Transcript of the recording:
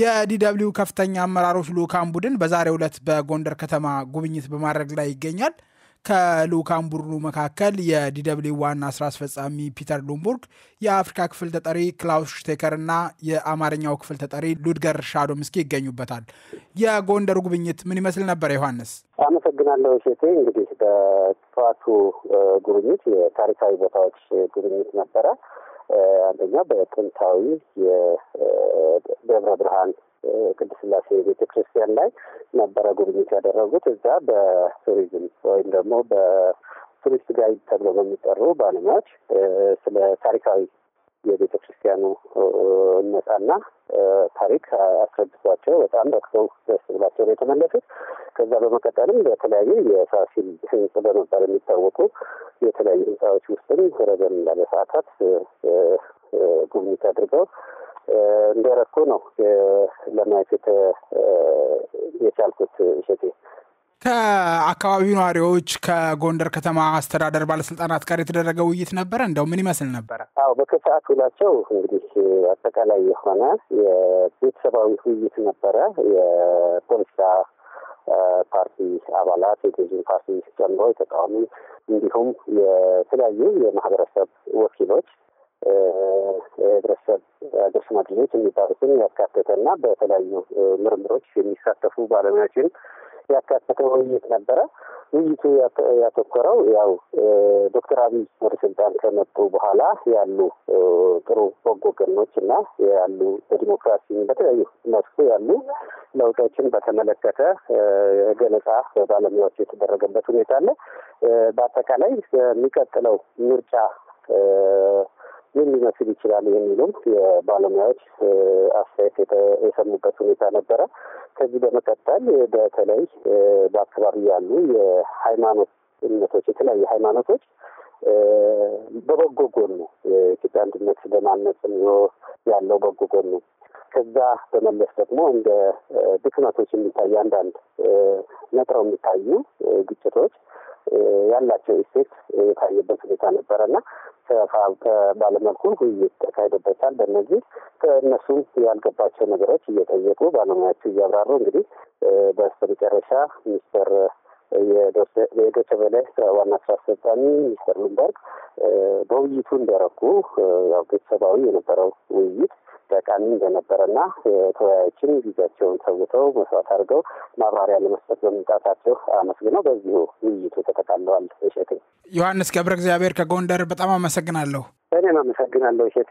የዲደብሊው ከፍተኛ አመራሮች ልዑካን ቡድን በዛሬው ዕለት በጎንደር ከተማ ጉብኝት በማድረግ ላይ ይገኛል። ከልዑካን ቡድኑ መካከል የዲደብሊው ዋና ስራ አስፈጻሚ ፒተር ሉምቡርግ፣ የአፍሪካ ክፍል ተጠሪ ክላውስ ሽቴከር እና የአማርኛው ክፍል ተጠሪ ሉድገር ሻዶምስኪ ይገኙበታል። የጎንደሩ ጉብኝት ምን ይመስል ነበር? ዮሐንስ አመሰግናለሁ። ሴቴ እንግዲህ በጠዋቱ ጉብኝት የታሪካዊ ቦታዎች ጉብኝት ነበረ። አንደኛው በጥንታዊ ደብረ ብርሃን ቅድስት ስላሴ ቤተ ክርስቲያን ላይ ነበረ ጉብኝት ያደረጉት። እዛ በቱሪዝም ወይም ደግሞ በቱሪስት ጋይድ ተብሎ በሚጠሩ ባለሙያዎች ስለ ታሪካዊ የቤተ ክርስቲያኑ ነጻና ታሪክ አስረድቷቸው በጣም ረክሰው ደስ ብላቸው ነው የተመለሱት። ከዛ በመቀጠልም በተለያዩ የፋሲል ህንጽ በመባል የሚታወቁ የተለያዩ ህንፃዎች ውስጥም ረዘም ላለ ሰዓታት ጉብኝት አድርገው እንደረኩ ነው ለማየት የቻልኩት እሸቴ። ከአካባቢው ነዋሪዎች ከጎንደር ከተማ አስተዳደር ባለስልጣናት ጋር የተደረገ ውይይት ነበረ። እንደው ምን ይመስል ነበረ? አዎ በከሰዓት ውላቸው እንግዲህ አጠቃላይ የሆነ የቤተሰባዊ ውይይት ነበረ። የፖለቲካ ፓርቲ አባላት የገዢ ፓርቲ ጨምሮ የተቃዋሚ እንዲሁም የተለያዩ የማህበረሰብ ወኪሎች የህብረተሰብ የሀገር ሽማግሌዎች የሚባሉትን ያካተተና በተለያዩ ምርምሮች የሚሳተፉ ባለሙያዎችን ያካተተ ውይይት ነበረ። ውይይቱ ያተኮረው ያው ዶክተር አብይ ወደ ስልጣን ከመጡ በኋላ ያሉ ጥሩ በጎ ገኖች እና ያሉ በዲሞክራሲ በተለያዩ መስኩ ያሉ ለውጦችን በተመለከተ ገለጻ ባለሙያዎች የተደረገበት ሁኔታ አለ። በአጠቃላይ የሚቀጥለው ምርጫ ምን ሊመስል ይችላል የሚለው የባለሙያዎች አስተያየት የሰሙበት ሁኔታ ነበረ። ከዚህ በመቀጠል በተለይ በአካባቢ ያሉ የሃይማኖት እምነቶች የተለያዩ ሃይማኖቶች በበጎ ጎኑ የኢትዮጵያ አንድነት በማነጽ ያለው በጎ ጎኑ ከዛ በመለስ ደግሞ እንደ ድክመቶች የሚታዩ አንዳንድ ነጥረው የሚታዩ ግጭቶች ያላቸው ኢፌክት የታየበት ሁኔታ ነበረ እና ተፋልተ ባለመልኩ ውይይት ተካሂዶበታል። በእነዚህ ከእነሱም ያልገባቸው ነገሮች እየጠየቁ ባለሙያዎቹ እያብራሩ እንግዲህ በስተመጨረሻ ሚኒስተር የዶቸ ቬለ ዋና ስራ አስፈጻሚ ሚስተር ሉምበርግ በውይይቱ እንደረኩ ያው ቤተሰባዊ የነበረው ውይይት ጠቃሚ እንደነበረና ተወያዮችን ጊዜያቸውን ሰውተው መስዋዕት አድርገው ማብራሪያ ለመስጠት በመምጣታቸው አመስግነው በዚሁ ውይይቱ ተጠቃለዋል። እሸቴ ዮሐንስ ገብረ እግዚአብሔር ከጎንደር በጣም አመሰግናለሁ። እኔም አመሰግናለሁ ሴቴ